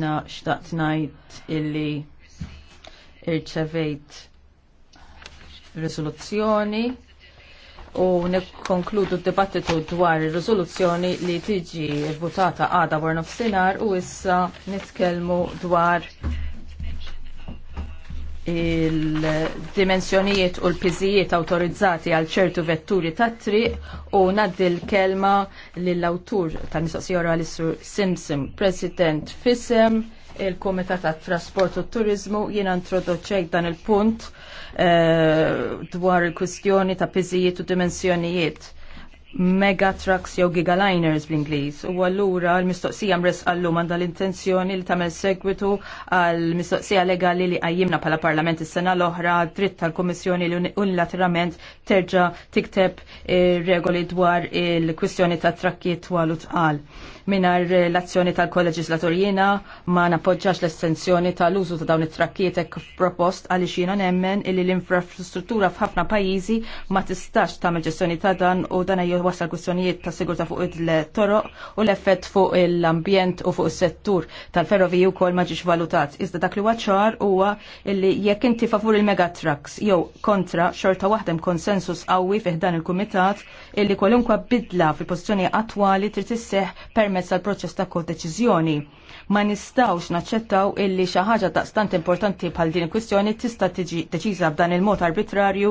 na xtaqt najt illi irċevejt risoluzzjoni u nikkonkludu d-dibattitu dwar il-rizoluzzjoni li tiġi votata għada war nofsinar u issa nitkelmu dwar il-dimensjonijiet u l-piżijiet autorizzati għal ċertu vetturi ta' triq u naddi l-kelma lill-awtur tal-mistoqsija orali sur Simsim, President Fisem, il-Komitat tat Trasport u Turizmu, jiena introdoċejt dan il-punt eh, dwar il-kwistjoni ta' piżijiet u dimensjonijiet Mega trucks jew gigaliners bl-Ingliż. U allura l-mistoqsija mres għallum għandha l-intenzjoni li tagħmel segwitu għall mistoqsija legali li għajjimna bħala Parlament is-sena l-oħra dritt tal-Kummissjoni li unilaterament terġa' tikteb eh, regoli dwar il-kwistjoni ta' trakkiet twal u tqal. Minar l-azzjoni tal-kolleġislatorjina ma napoġġax l-estensjoni tal-użu ta' dawn it-trakkiet hekk propost għaliex jiena nemmen li l-infrastruttura f'ħafna pajjiżi ma tistax tagħmel ġestjoni ta' dan u dan wasal kwistjonijiet ta' sigurta fuq il-toroq u l-effett fuq l-ambjent u fuq is-settur tal-ferroviji wkoll ma ġiex valutat. Iżda dak li ċar huwa li jekk inti favur il-megatrucks jew kontra xorta waħdem konsensus qawwi fih dan il-kumitat illi kwalunkwa bidla fil-pożizzjoni attwali trid isseħ permezz tal-proċess ta' kodeċiżjoni Ma nistawx naċċettaw illi xi ħaġa daqstant importanti bħal din il-kwistjoni tista' tiġi deċiża b'dan il-mod arbitrarju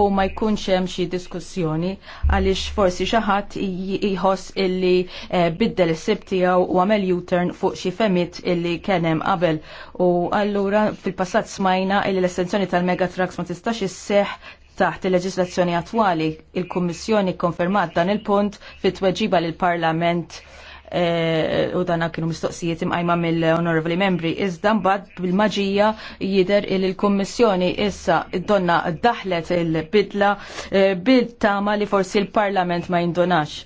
u ma jkunx hemm xi diskussjoni għaliex forsi xi ħadd jħoss illi eh, biddel is-sib tiegħu u għamel U-turn fuq xi femit illi kien hemm qabel. U allura fil-passat smajna illi l-estenzjoni tal-Megatrax ma tistax isseħ taħt il-leġislazzjoni attwali, il-Kummissjoni konfermat dan il-punt fit tweġiba l parlament Eh, u dana kienu mistoqsijiet imqajma mill-onorevoli membri. Iżda mbagħad bil-maġija jider il-Kummissjoni issa donna daħlet il-bidla eh, bil-tama li forsi l-Parlament ma jindonax.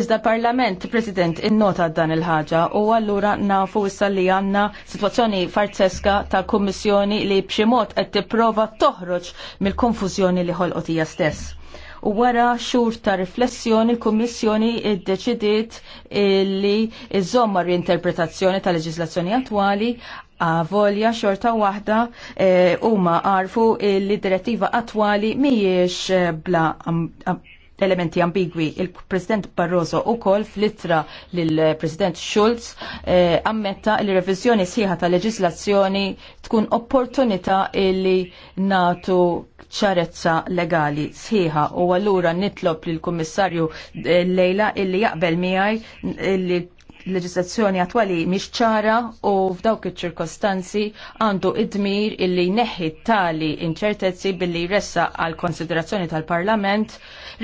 Iżda parlament, President, innota dan il-ħaġa u għallura nafu issa li għanna situazzjoni farzeska ta' kummissjoni li bximot qed tipprova toħroġ mill-konfużjoni li ħolqotija stess u wara xur ta' riflessjoni l-Kummissjoni id-deċidiet li iżomma reinterpretazzjoni ta' leġislazzjoni attwali volja xorta waħda e, huma ma għarfu li direttiva attwali miex e, bla elementi ambigwi. Il-President Barroso u kol fl-ittra l-President Schulz e, ammetta li revizjoni sħiħa ta' leġislazzjoni tkun opportunità li natu ċarezza legali sħiħa u allura nitlob lill kummissarju eh, Lejla illi jaqbel miħaj illi leġislazzjoni attwali mhix ċara u f'dawk iċ-ċirkostanzi għandu id-dmir illi neħi tali inċertezzi billi jressa għal konsiderazzjoni tal-Parlament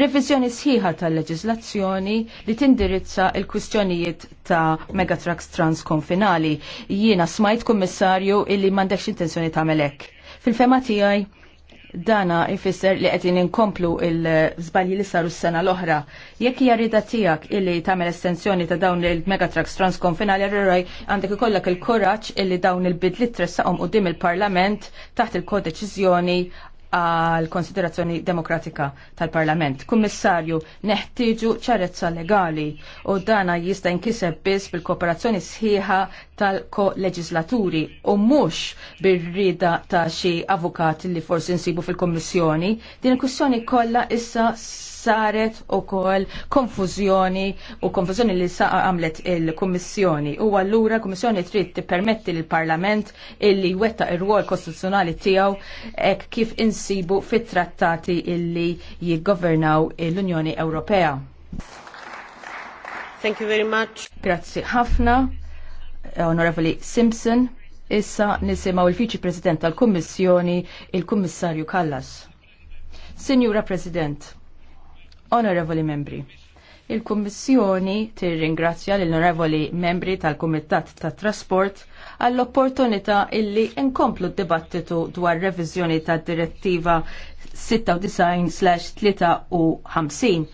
reviżjoni sħiħa tal-leġislazzjoni li tindirizza il-kwistjonijiet ta' megatrax transkonfinali. Jiena smajt kummissarju illi m'għandekx intenzjoni ta' melek. Fil-fema tiegħi Dana ifisser li qed inkomplu il-żbalji li saru s-sena l-oħra. Jekk hija rida tiegħek illi tagħmel estensjoni ta' dawn il-megatrucks transkonfinali rraj għandek ikollok il-kuraġġ illi dawn il-bidlit tressaqhom quddiem il-Parlament taħt il-kodeċiżjoni għal konsiderazzjoni demokratika tal-Parlament. Kummissarju, neħtieġu ċarezza legali u dana jista' jinkiseb biss bil-kooperazzjoni sħiħa tal-ko-leġislaturi u mhux bir-rida ta' xi avukati li forsi nsibu fil-Kommissjoni. Din il kussjoni kollha issa saret u kol konfuzjoni u konfuzjoni li sa għamlet il-Kommissjoni. U għallura Kommissjoni trid permetti l-Parlament illi wetta ir ruol kostituzzjonali tiegħu ek kif insibu fit-trattati illi jiggovernaw l-Unjoni Ewropea. Thank you very much. Grazzi ħafna, Onorevoli Simpson. Issa nisimaw il-Viċi President tal-Kummissjoni, il-Kummissarju Kallas. Signora President, Onorevoli membri, il-Kummissjoni tirringrazzja l-onorevoli membri tal-Kumitat tat Trasport għall-opportunità illi nkomplu d-dibattitu dwar reviżjoni tad direttiva 96-53.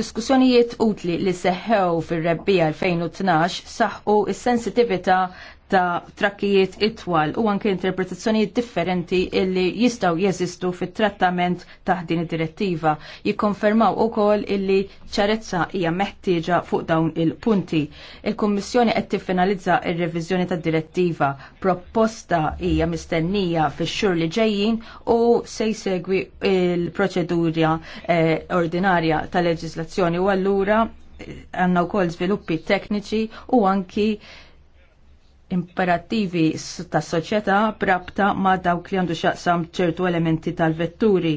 Diskussjonijiet utli li seħħew fir-rebbija 2012 saħħu s sensitività ta' trakkijiet itwal u anke interpretazzjonijiet differenti illi jistaw jeżistu fit-trattament ta' din id-direttiva. Jikkonfermaw ukoll illi ċarezza hija meħtieġa fuq dawn il-punti. Il-Kummissjoni qed tiffinalizza r reviżjoni tad-direttiva. Proposta hija mistennija fix-xhur li ġejjin u se jsegwi il-proċedura eh, ordinarja tal-leġislazzjoni u allura eh, għanna u kol sviluppi tekniċi u anki imperattivi tas soċjetà brabta ma dawk li għandu xaqsam ċertu elementi tal-vetturi.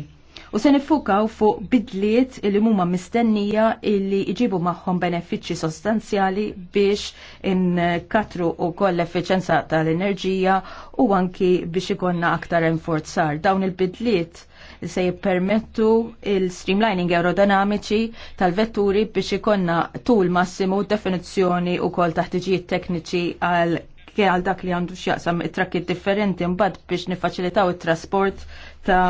U se nifukaw fuq bidliet li mumma mistennija illi iġibu magħhom benefiċċji sostanzjali biex inkatru u koll l-effiċenza tal-enerġija u anki biex ikonna aktar enforzar. Dawn il-bidliet se jippermettu il-streamlining aerodinamiċi tal-vetturi biex ikonna tul massimu definizzjoni u kol taħtiġijiet tekniċi għal Kie għal dak li għandu x'jaqsam it-trakkiet differenti mbagħad biex nifacilitaw it-trasport ta'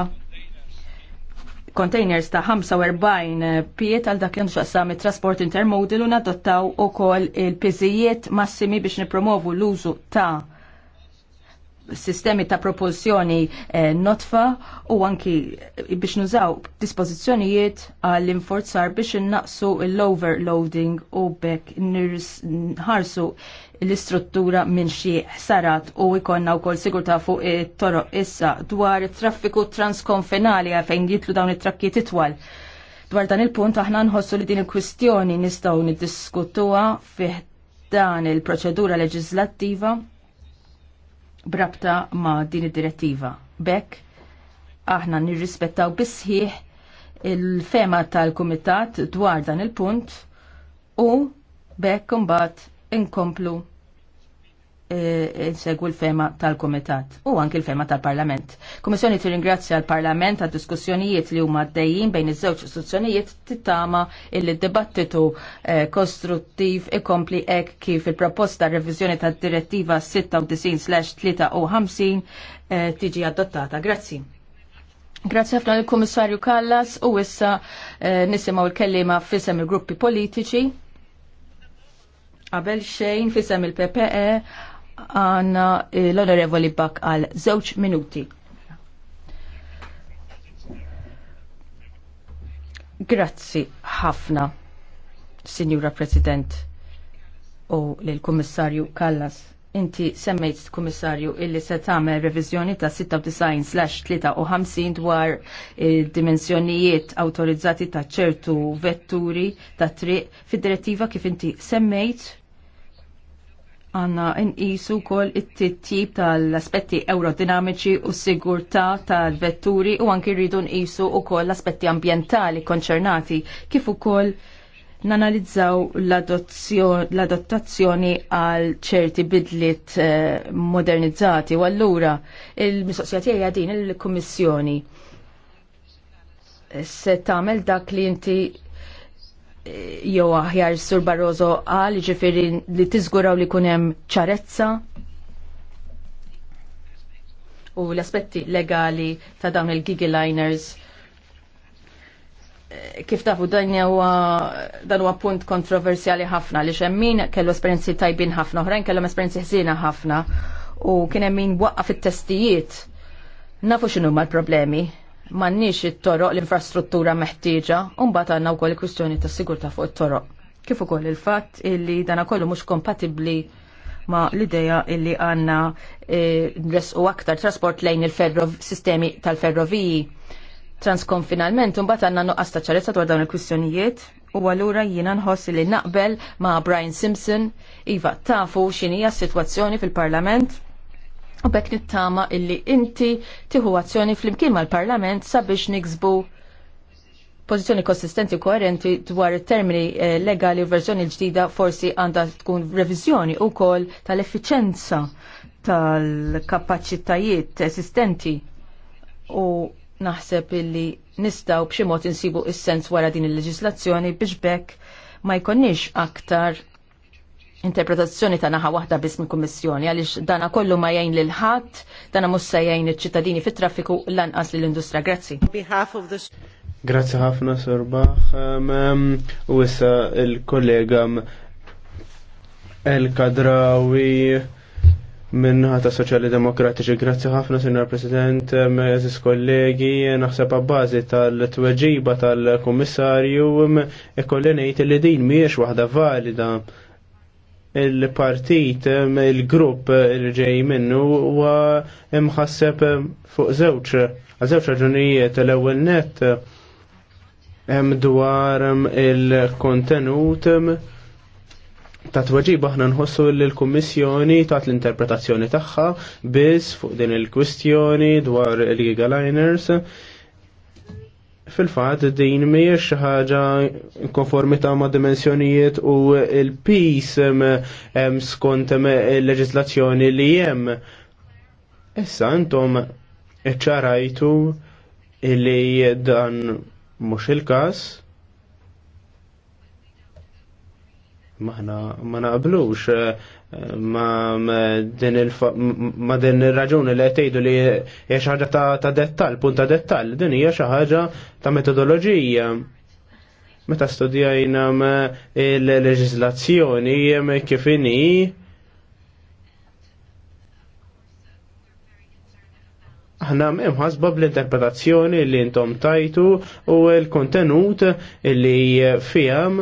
containers ta' 45 piet għal dak li għandu x'jaqsam it-trasport intermodal u nadottaw ukoll il pizijiet massimi biex nipromovu l-użu ta' sistemi ta' propulsjoni eh, notfa u anki biex nużaw dispożizzjonijiet għall inforzar biex innaqsu l-overloading u bekk nħarsu l-istruttura minn xi ħsarat u jkollna wkoll ta' fuq it-toroq issa dwar it-traffiku transkonfinali fejn jitlu dawn it-trakkiet itwal. Dwar dan il-punt aħna nħossu li din il-kwistjoni nistgħu niddiskutuha fih dan il-proċedura leġislattiva brabta ma' din id-direttiva. Bekk, aħna nirrispettaw bisħiħ il-fema tal-Kumitat dwar dan il-punt u bekk imbagħad inkomplu E, e, insegwu l-fema tal-Komitat u anki l-fema tal-Parlament. Komissjoni tirringrazzja l-Parlament għad diskussjonijiet li huma għaddejjin bejn iż-żewġ istituzzjonijiet tittama illi dibattitu e, kostruttiv ikompli ek kif il-proposta revizjoni tad-direttiva 96/53 tiġi adottata. Grazzi. Grazie ħafna l-Komissarju Kallas u issa nisimaw il-kellima fissem il-gruppi politiċi. Qabel xejn fissem il-PPE għanna eh, l-onorevoli bak għal żewġ minuti. Grazzi ħafna, Signora President u l-Kummissarju Kallas. Inti semmejt kummissarju illi se tagħmel reviżjoni ta' 96/53 dwar eh, dimensjonijiet awtorizzati ta' ċertu vetturi ta' triq fid-direttiva kif inti semmejt għanna nqisu kol it-tittib tal-aspetti eurodinamiċi u sigurta tal-vetturi u anki rridu nqisu u kol l-aspetti ambientali konċernati kif ukoll nanalizzaw l-adottazzjoni għal ċerti bidliet eh, modernizzati u allura il-mistoqsija tiegħi din il-Kummissjoni se tagħmel dak li inti jew aħjar Sur Barroso qal ġifieri li tiżguraw li jkun hemm ċarezza u l-aspetti legali ta' dawn il-gigi liners eh, kif tafu dan huwa dan huwa punt kontroversjali ħafna li min kellu esperjenzi tajbin ħafna, oħrajn kellhom esperjenzi ħsiena ħafna u kien hemm min waqqa fit-testijiet. Nafu x'inhu l-problemi m'għandniex it-toroq l-infrastruttura meħtieġa, u mbagħad għandna wkoll il-kwistjoni tas-sigurtà fuq it-toroq. Kif ukoll il-fatt illi dana kollu mhux kompatibbli ma l-ideja illi għanna e, nresqu aktar trasport lejn il-sistemi tal-ferroviji transkonfinalment un bat għanna nuqqas ta' ċarezza dwar dawn il-kwistjonijiet u għallura jiena nħoss li naqbel ma' Brian Simpson iva tafu xinija s-sitwazzjoni fil-Parlament U bekk nittama illi inti tiħu azzjoni fl-imkien mal-Parlament sabiex niksbu pożizzjoni konsistenti u koerenti dwar termini eh, legali u verżjoni ġdida forsi għandha tkun reviżjoni u kol tal-effiċenza tal-kapacitajiet esistenti u naħseb illi nistaw b'xi mod insibu is-sens wara din il-leġislazzjoni biex bekk ma jkonniex aktar interpretazzjoni ta' naħa waħda biss minn kummissjoni għaliex dana kollu ma jgħin lil ħadd, dana mhux se jgħin iċ-ċittadini fit-traffiku lanqas lill industra Grazzi. Grazzi ħafna Sir Bach um, um, u issa il-kollega um, El Kadrawi minn ta' Soċjali Demokratiċi. Grazzi ħafna, Sinjor President, meżis kollegi, naħseb bażi tal-tweġiba tal-Kummissarju, ikolli e ngħid li din mhijiex waħda valida il-partit, il-grupp li ġej minnu u imħasseb fuq zewċ, għazewċ raġunijiet l-ewel net dwar il-kontenut ta' tweġiba aħna nħossu l-Kummissjoni ta' l-interpretazzjoni tagħha biss fuq din il-kwistjoni dwar il-Giga Liners fil-fat din miex ħaġa konformita ma' dimensjonijiet u il-pis skont il-leġislazzjoni li jem. Issa intom ċarajtu li dan mux il-kas maħna ma naqblux eh, ma din il-raġuni li tgħidu li hija xi ħaġa ta' dettall, punt ta' dettall, din hija xi ħaġa ta' metodoloġija. Meta studjajna il-leġiżlazzjoni eh, kif inhi aħna ħasba bl-interpretazzjoni li intom tajtu u l-kontenut li fihem.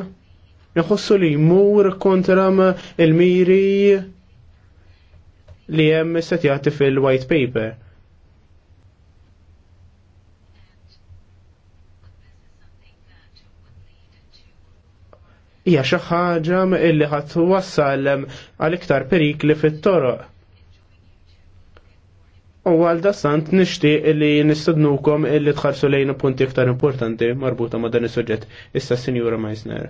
Nħossu li jmur kontra il-miri li hemm setjati fil-white paper. Hija xi ħaġa illi ħadd wassal għal iktar perikli fit-toroq U għal dasant nishtiq li nistadnukom illi tħarsu lejna punti iktar importanti marbuta ma' dan is sujġet Issa senjura Meisner.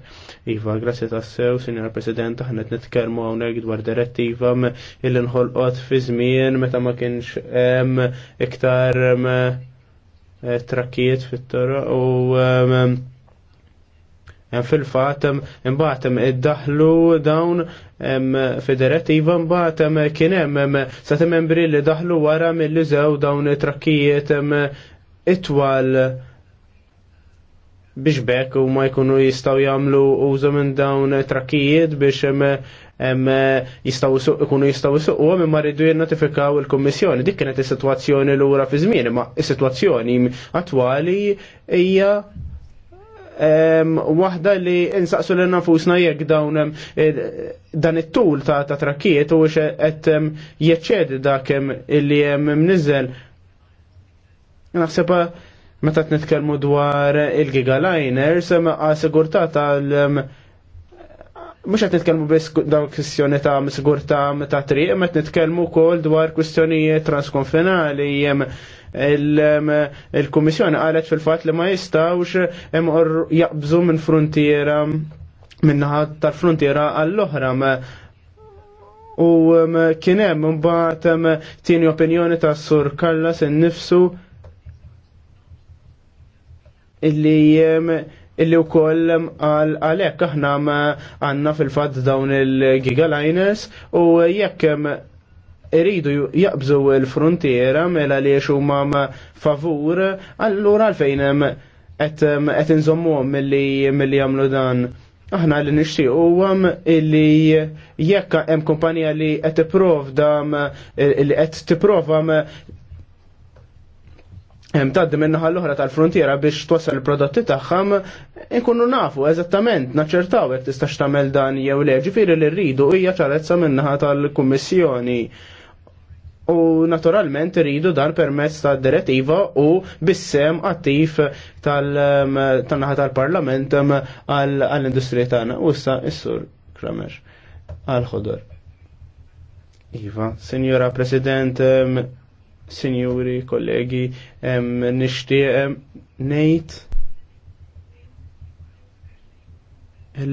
Iva, grazzi tassew, Sinjura President, aħna qed nitkellmu hawnhekk dwar direttiva illi nħolqot fi żmien meta ma kienx hemm iktar eh, trakiet fit tora u fil-fat id daħlu dawn federattiva imbagħad kien hemm seta' membri li daħlu wara milli żew dawn it-trakkijiet itwal biex bekk u ma jkunu jistaw jagħmlu użu minn dawn trakkijiet biex jistaw jkunu jistaw u minn ma rridu il-Kummissjoni. Dik kienet is-sitwazzjoni lura fi żmien, ma is-sitwazzjoni attwali hija waħda li insaqsu l nafusna jekk dawn dan it-tul ta' ta' trakkiet u qed jeċċedi dakem illi hemm mniżel. Naħseb meta nitkellmu dwar il-gigaliners sema għasigurta tal mux għat nitkelmu bis daw kwestjoni ta' sigurta ta' triq, ma' nitkelmu kol dwar kwestjoni transkonfinali jem il-Kummissjoni qalet fil-fatt li ma jistawx jaqbżu minn frontiera minnaħat tal-frontiera għall-oħra u kien hemm imbagħad tieni opinjoni tas Sur Kallas innifsu illi illi u koll għalek aħna għanna fil-fat dawn il-gigaliners u jekk iridu jaqbżu l-frontiera mela li huma favur, allura għalfejn hemm qed inżommuhom milli milli jagħmlu dan. Aħna li nixtieq huwam illi jekk hemm kumpanija li qed tipprovda li qed tipprova hemm tgħaddi min-naħa l-oħra tal-frontiera biex twassal il-prodotti tagħhom nkunu nafu eżattament naċċertaw jekk tistax tagħmel dan jew le. Ġifieri li rridu hija ċarezza min-naħa tal-Kummissjoni. U naturalment rridu dan permezz ta' direttiva u bissem attiv tal-naħa um, tal-parlament um, għall-industrija tagħna. U sa' is-sur Kramer għal-ħodor. Iva, Sinjora President, um, Sinjuri, kollegi, nixtieq ngħid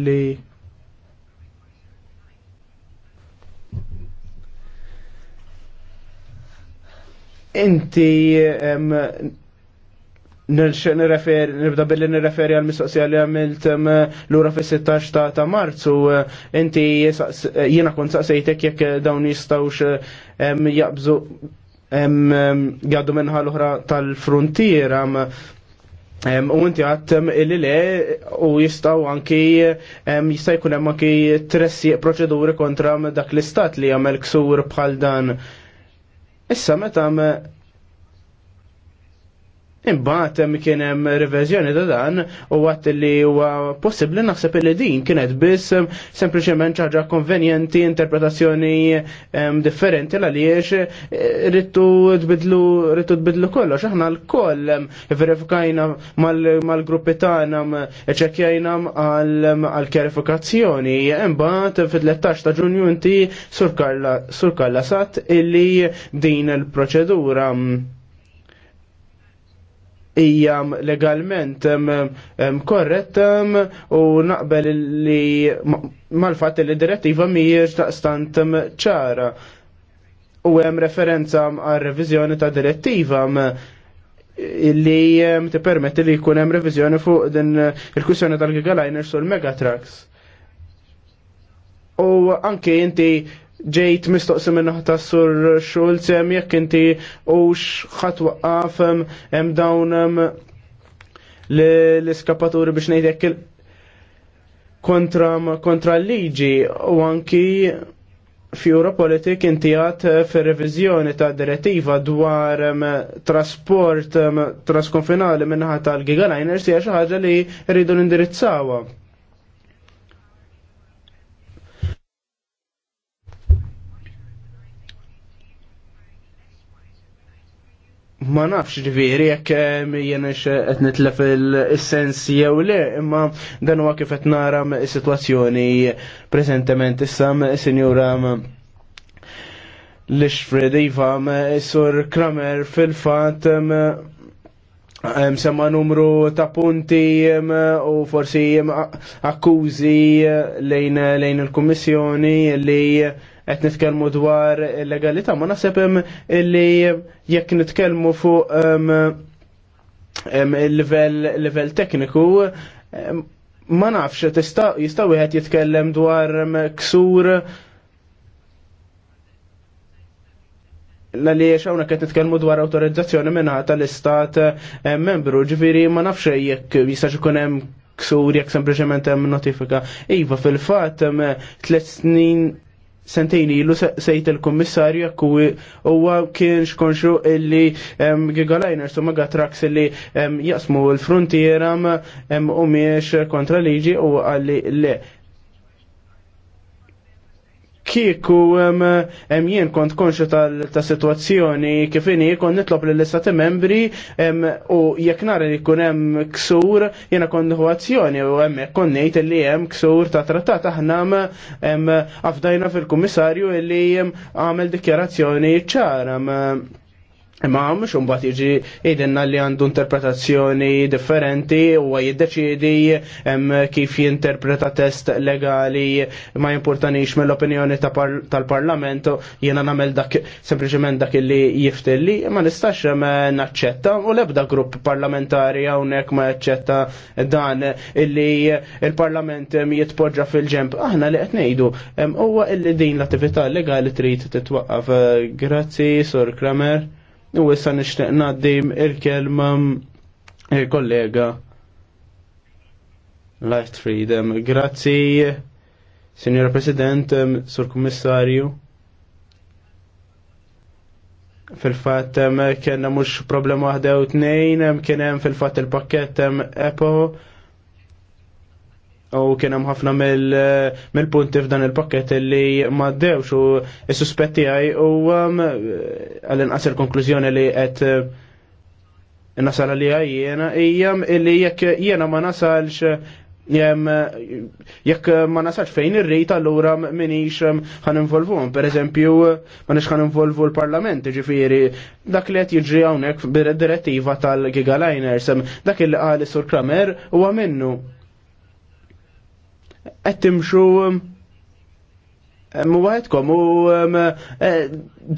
li Inti nirrefer, nibda billi nirreferi għal mistoqsija li għamilt l-ura fi 16 ta' ta' marzu, inti jina kont saqsejtek jekk dawn jistawx jgħabżu għaddu minnħal l-oħra tal frontier U inti għattem illi le u jistaw anki jistaw jkun hemm anki tressi proċeduri kontra dak l-istat li għamel ksur bħal dan. Issa meta Imbagħad hemm kien hemm reverżjoni ta' dan u għat li huwa possibbli naħseb li din kienet biss ehm, sempliċement ċaġa konvenjenti interpretazzjoni ehm, differenti għaliex eh, rittu tbidlu rittu tbidlu kollox aħna l-koll ehm, verifikajna mal-gruppi tagħna ċekkjajna għal kjarifikazzjoni. Imbagħad fit-13 ta' Ġunju inti sur Kalla Sat illi din il-proċedura hija legalment korretta u naqbel li mal-fatt li direttiva mhijiex taqstant ċara. U hemm referenza għal revizjoni ta' direttiva li permetti li jkun hemm reviżjoni fuq din il-kwissjoni tal-gigaliners u l-megatrax. U anke inti ġejt mistoqsi minn ta' sur Schulz hemm jekk inti hux xatwa għafem hemm dawn l-iskapaturi biex ngħid jekk kontra kontra l-liġi u anki fjura politik inti għat fi revizjoni ta' direttiva dwar trasport trasconfinali minnaħat tal-gigaliners hija xi ħaġa li rridu l-indirizzawa. ma nafx ġifiri, jekk jenix qed nitlef il-sens jew le, imma dan huwa kif qed nara is-sitwazzjoni issam issa sinjura l-ixfred iva sur Kramer fil-fatt semma numru ta' punti u forsi akkużi lejn il-Kummissjoni li qed nitkellmu dwar legalità ma naħseb li jekk nitkellmu fuq il-livell tekniku ma nafx tista' jista' wieħed jitkellem dwar ksur li xawna kħet nitkelmu dwar autorizzazzjoni minna tal-istat membru, ġviri ma nafx jekk jistax ikun hemm ksur jekk sempliċement hemm notifika. Iva fil-fatt tliet snin sentejni ilu sejt il-kommissarju jekk huwa kienx xkonxu illi gigalajner su maga traks illi jasmu l-frontiera u miex kontra liġi u għalli le kieku jien kont konxu ta' situazzjoni kifini kon nitlob l istati membri u jekk nara li kun hemm ksur jiena kon nħuazzjoni u hemm kon ngħid li hemm ksur ta' trattat aħna afdajna fil-kummissarju li għamel dikjarazzjoni ċara. Imma mhux imbagħad jiġi jgħidilna li għandu interpretazzjoni differenti u jiddeċiedi kif jinterpreta test legali ma jimportanix mill-opinjoni tal-Parlament jiena nagħmel dak sempliċement dak li jiftilli ma nistax naċċetta u l-ebda grupp parlamentari hawnhekk ma jaċċetta dan illi il-Parlament jitpoġġa fil-ġemp. Aħna li qed ngħidu huwa din l-attività legali trid titwaqqaf. Grazzi, Sur Kramer. U issa nixtieq ngħaddim il-kelma il-kollega eh, Life Freedom. Grazzi, Signora President, eh, Sur Kommissarju. fil-fat eh, kena mux problema waħda u tnejn, kien hemm fil-fat il-pakket EPO u kien hemm ħafna mill-punti f'dan il-pakket li ma ddewx u s-suspetti għaj u um, għall-inqas il-konklużjoni li qed uh, nasal li jena ijam um, illi jekk jena ma nasalx jekk ma nasalx fejn ir-rejt allura minix um, ħan involvum. Per eżempju, ma nix ħan involvu l-parlament, ġifiri, dak li qed jiġri hawnhekk bir-direttiva tal-gigaliners, dak il-qali sur Kramer huwa minnu qed timxu mu waħedkom um, u um, eh,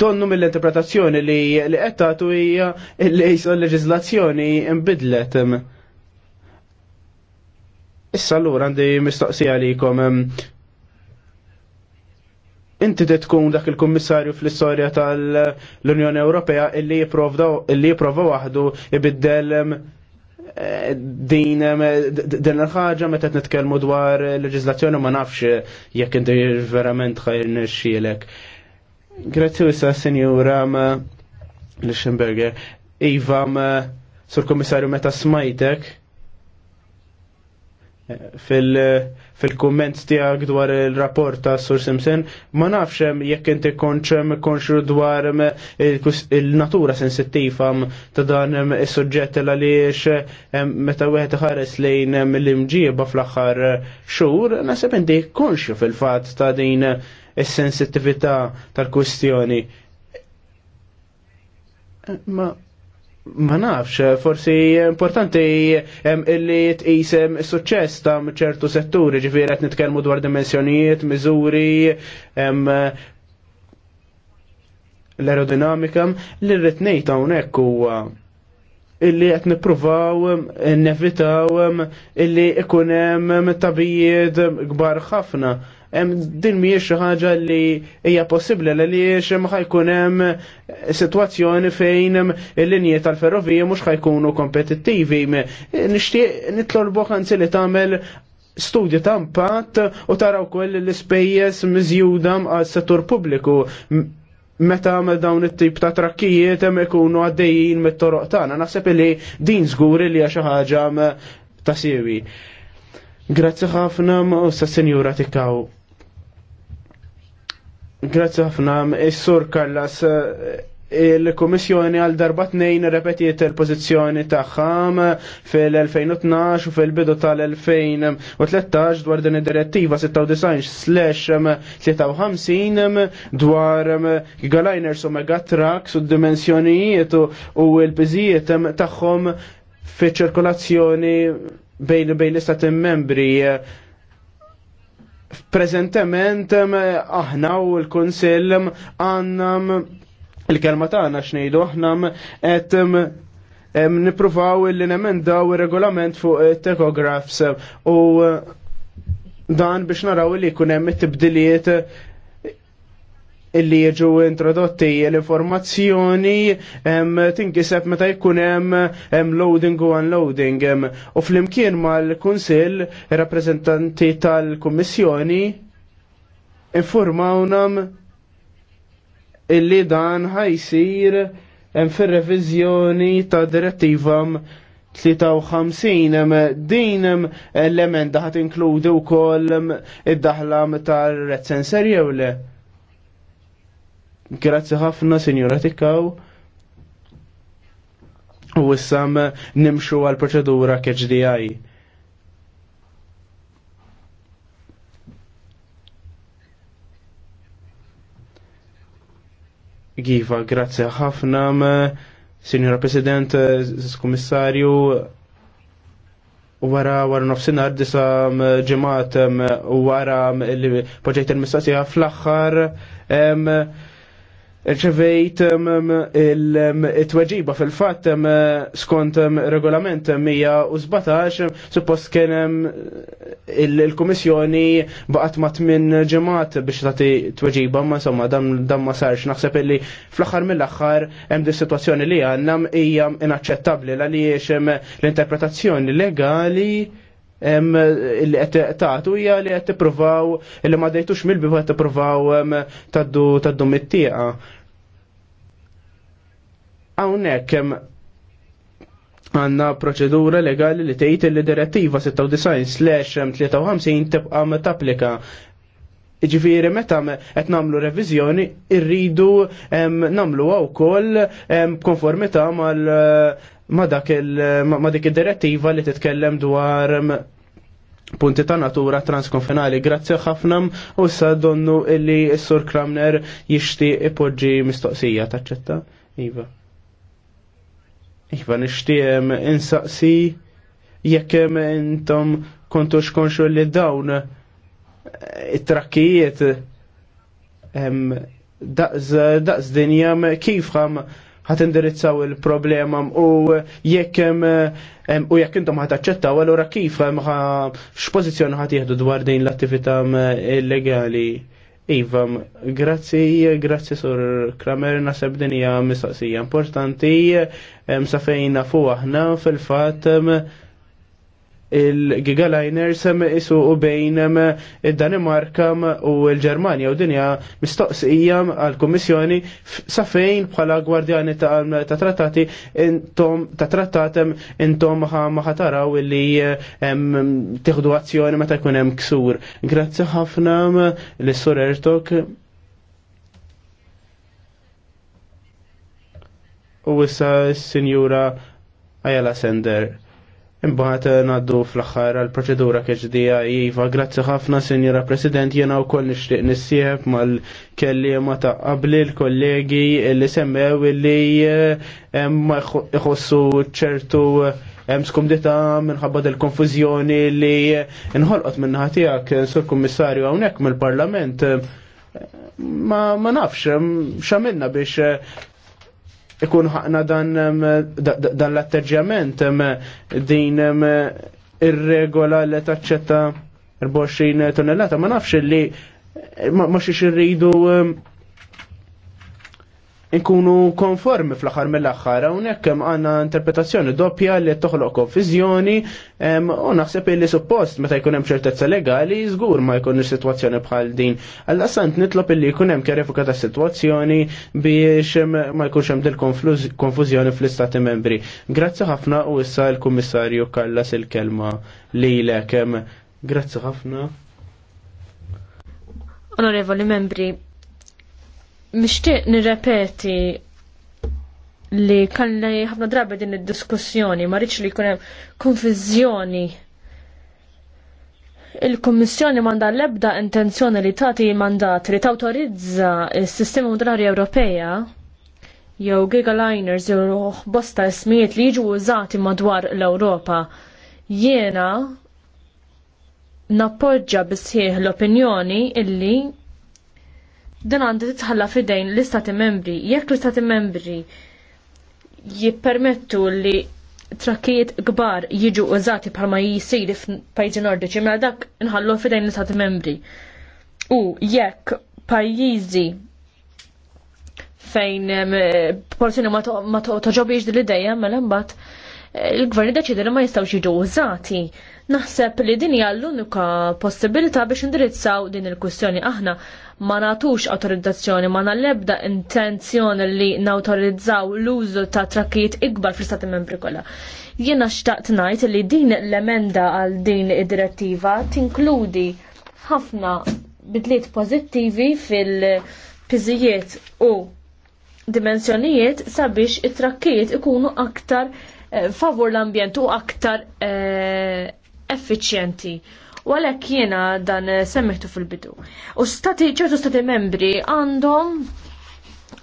donnu mill-interpretazzjoni li qed tagħtu hija li l-leġiżlazzjoni imbidlet. Um. Issa allura għandi mistoqsija għalikom. Inti tkun dak il-kummissarju fl-istorja tal-Unjoni Ewropea illi jipprova waħdu ibiddel din din il-ħaġa meta qed nitkellmu dwar leġiżlazzjoni ma nafx jekk inti verament ħajr nixxielek. Grazzi issa sinjura Lichtenberger. Iva, sur komissarju meta smajtek, fil-komment tijak dwar il-rapport ta' Sur Simpson, ma nafxem jekk inti konċem konċu dwar il-natura sensittiva ta' dan il-sujġet l-għaliex meta wieħed ħares lejn l-imġieba fl-axar xur, nasib inti konċu fil-fat ta' din il-sensittivita tal-kustjoni. Ma Ma nafx, forsi importanti illi tqisem suċċess ta' ċertu setturi, ġifieri qed nitkellmu dwar dimensjonijiet, miżuri, l-aerodinamika, li rrid ngħid hawnhekk huwa illi qed nippruvaw nevitaw illi ikun hemm tabijiet kbar ħafna din mhijiex xi ħaġa li hija possibbli għaliex ma ħajkun hemm sitwazzjoni fejn il-linji tal-ferrovija mhux ħajkunu kompetittivi. Nixtieq nitlorbok anzi li tagħmel studju ta' impatt u taraw koll l-ispejjeż miżjuda għas settur pubbliku meta għamel dawn it-tip ta' trakkijiet hemm ikunu għaddejjin mit-toroq tagħna. Naħseb li din żguri li hija xi ħaġa ta' siewi. Grazzi ħafna u sa' senjura tikkaw. Grazzi ħafna, is-sur Kallas il-Komissjoni għal darba tnejn repetiet il-pozizjoni tagħhom fil-2012 u fil-bidu tal-2013 dwar din id-direttiva 96/53 dwar Galiners u Megatrax u d-dimensjonijiet u l bizijiet tagħhom fiċ-ċirkolazzjoni bejn bejn l-istati membri Prezentement aħna u l-Konsil għanna il-kelma tagħna xnejdu aħna qed niprufaw l nemendaw ir-regolament fuq eh, tekografs u eh, dan biex naraw li jkun hemm it-tibdiliet illi jieġu introdotti l-informazzjoni tinkiseb meta jkun hemm loading u unloading. U flimkien mal-Kunsill rappreżentanti tal-Kummissjoni informawnam illi dan ħajsir fir-reviżjoni ta' direttivam 53 din l-emenda ħat inkludi wkoll id-daħla tar-red sensor jew le. Grazzi ħafna, Sinjura Tikkaw. U issam nimxu għal proċedura KHDI. Giva, grazzi ħafna, Signora President, Kummissarju, wara wara nofsinhar disa ġemat wara il poġġejt il mistaqsija fl-aħħar ċevejt il-tweġiba fil-fat skont regolament 117 suppost kienem il-komissjoni baqat mat minn ġemat biex tati tweġiba ma somma dan ma sarx naħseb illi fl-axar mill-axar hemm di situazzjoni li għanna hija inaċċettabbli għaliex l-interpretazzjoni legali li qed tagħtu hija li qed tippruvaw li ma dejtux mil biba qed tippruvaw taddu taddu mit-tieqa. Hawnhekk hemm proċedura legali li tgħid li direttiva 96/53 tibqa' ma tapplika. Ġifieri meta qed nagħmlu reviżjoni irridu nagħmluha wkoll konformità mal ma dak ma dik id-direttiva li titkellem dwar punti ta' natura transkonfinali. Grazzi ħafna u sa donnu illi s-sur Kramner jixti ipoġġi mistoqsija taċċetta. Iva. Iħba nishtiqem insaqsi jekkem intom kontu xkonxu li dawn eh, it-trakkijiet daqs dinjam kif ħam ħat indirizzaw il-problema u jekkem u jekk intom ħat aċċettaw allura kif ħam x'pożizzjoni ħat jihdu dwar din l-attività illegali. Iva, grazzi, grazzi sur Kramer, naseb dinija mistaqsija importanti, msafejna fuq aħna fil-fat il-gigaliner sem isu u bejn id-Danimarka u l-Germania u dinja mistoqsija għal komissjoni sa fejn bħala gwardjani ta' trattati intom ta' trattatem intom maħataraw li tiħdu azzjoni meta jkun hemm ksur. Grazzi ħafna l-Sur Ertok. U issa s-Sinjura Ayala Sender. Imbagħad eh, ngħaddu fl-aħħar għall proċedura keġdija iva, grazzi ħafna senjora President jiena wkoll nixtieq nissieb mal-kelliema ta' qabli l-kollegi li semmew li eh, ma jħossu ċertu hemm eh, skumdita minħabba del konfużjoni li inħolqot minnaħ tiegħek sur kummissarju hawnhekk mill-Parlament ma, ma nafx, x'għamilna biex ikun ħakna dan dan l-atteġġjament din ir-regola li taċċetta 24 tonnellata ma nafx li ma xiex irridu Inkunu konformi fl-axar mill-axar, unek għanna interpretazzjoni doppja li toħloq konfizjoni, u naħseb li suppost meta jkun hemm ċertezza legali, żgur ma jkun situazzjoni bħal din. Alla sant nitlob illi jkun hemm kjerifika ta' situazzjoni biex ma jkunx hemm dil konfużjoni fl-istati membri. Grazzi ħafna u issa l-Kummissarju Kallas il-kelma lilek. Grazzi ħafna. Onorevoli membri, Mixtieq nirrepeti li kalli ħafna drabi din id-diskussjoni, ma rridx li jkun hemm konfiżjoni. Il-Kummissjoni manda l-ebda intenzjoni li tagħti mandat li tawtorizza s-Sistema Mudrari Ewropea jew gigaliners jew bosta ismijiet li jiġu użati madwar l-Ewropa. Jiena nappoġġa bisħieħ l-opinjoni illi din għandi titħalla fidejn l-istati membri. Jekk l-istati membri jippermettu li trakkijiet kbar jiġu użati bħalma jisiri f'pajjiżi nordiċi, mela dak nħallu fidejn l-istati membri. U jekk pajjiżi fejn porzjoni ma toġobiex din l-ideja, mela mbagħad eh, il-gvern deċidi li ma jistgħux jiġu użati. Naħseb li din hija l-unika possibilità biex indirizzaw din il-kwistjoni aħna ma natux autorizzazzjoni, ma nal-ebda intenzjoni li nautorizzaw l-użu ta' trakkijiet ikbar fl-istati membri kollha. Jiena xtaqt ngħid li din l-emenda għal din id-direttiva tinkludi ħafna bidliet pożittivi fil-piżijiet u dimensjonijiet sabiex it-trakkijiet ikunu aktar eh, favur l-ambjent u aktar eh, effiċjenti. U għalhekk jiena dan eh, semmiħtu fil-bidu. U stati ċertu stati membri għandhom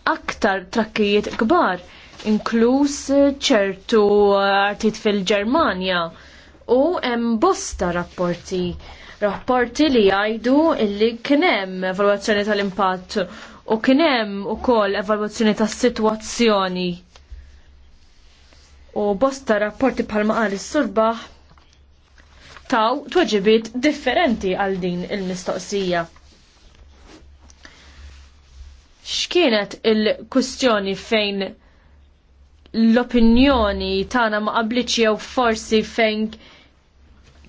aktar trakkijiet kbar, inkluż eh, ċertu eh, artit fil-Ġermanja u hemm bosta rapporti rapporti li jgħidu illi kienem evalwazzjoni tal-impatt u kienem u koll evalwazzjoni tas-sitwazzjoni. U bosta rapporti bħalma qal is-surbaħ taw tweġibiet differenti għal din il-mistoqsija. X'kienet il-kustjoni fejn l-opinjoni tagħna ma qabliċi jew forsi fejn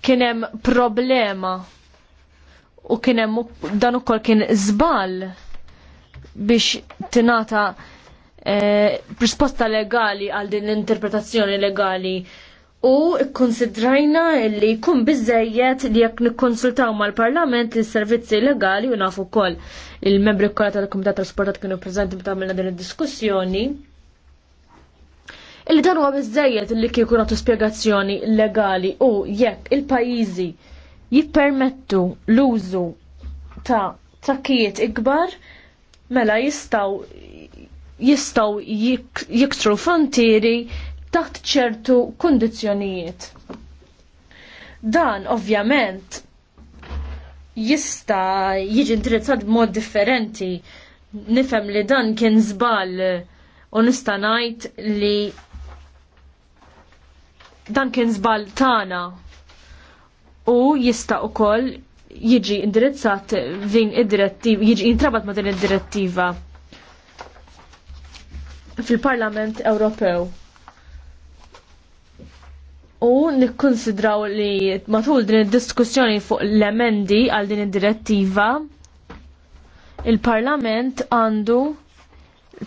kien hemm problema u kien hemm dan ukoll kien żball biex tingħata eh, risposta legali għal din l-interpretazzjoni legali u konsidrajna li jkun bizzejiet li jekk nikkonsultaw mal-parlament li servizzi legali u nafu kol il-membri kolla tal-Komitat Trasportat kienu prezenti meta għamilna din id-diskussjoni. Illi dan huwa bizzejiet li kieku nagħtu spjegazzjoni legali u jekk il-pajjiżi jippermettu l-użu ta' trakkijiet ikbar mela jistaw jistaw jiktru frontieri taħt ċertu kundizzjonijiet. Dan ovvjament jista' jiġi indirizzat b'mod differenti. Nifhem li dan kien żball u nista' ngħid li dan kien żball tagħna u jista' ukoll jiġi indirizzat din id-direttiva, jiġi jintrabat ma din id-direttiva fil-Parlament Ewropew u nikkonsidraw li matul din id-diskussjoni fuq l-emendi għal din id-direttiva il-Parlament għandu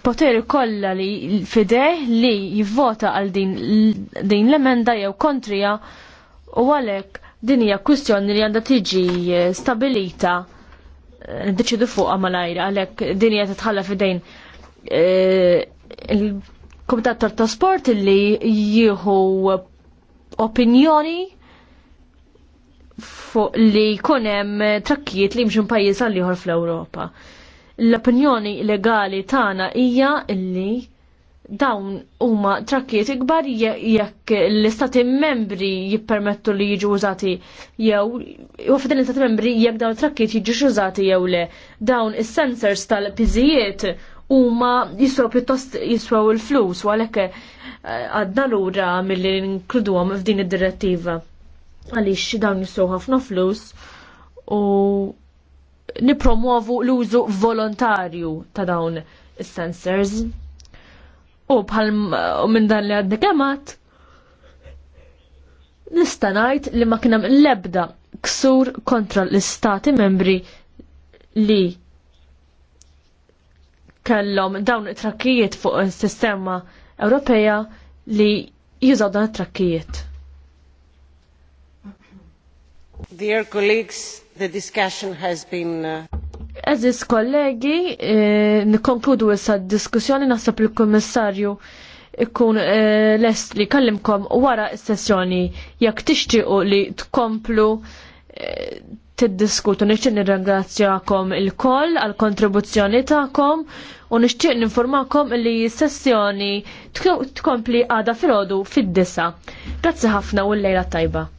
poteri kollha li fideh li jivvota għal din, din l-emenda jew kontrija u għalhekk din hija kwistjoni li għandha tiġi stabilita deċidu fuqha malajra għalhekk din hija titħalla fidejn eh, il-Kumitat tal-Trasport li jieħu opinjoni fuq li kunem trakkijiet li mxun pajjiż għal ieħor fl-Ewropa. L-opinjoni legali tagħna hija li dawn huma trakkijiet ikbar jekk l-istati membri jippermettu li jiġu użati jew u fidel l-istati membri jekk dawn trakkijiet jiġu użati jew le dawn is-sensors tal-piżijiet huma jiswew pjuttost jiswew il-flus u għalhekk għadna lura milli nkluduhom f'din id-direttiva għaliex dawn jistgħu ħafna flus u nipromuovu l-użu volontarju ta' dawn is-sensors. U bħal minn dan li għadni kemat, nista' ngħid li ma kien hemm l-ebda ksur kontra l-istati membri li kellhom dawn it-trakkijiet fuq is-sistema Ewropeja li jużaw dan it-trakkijiet. Dear colleagues, the discussion has been Aziz uh, kollegi, eh, nikonkludu issa diskussjoni naħseb il kummissarju ikun eh, lest li kallimkom wara s-sessjoni jekk tixtiequ li tkomplu eh, tiddiskutu. Nixtieq nirringrazzjakom il-koll għal kontribuzzjoni tagħkom u nixtieq ninformakom li sessjoni tkompli għada filgħodu fid-disa. Grazzi ħafna u l-lejla tajba.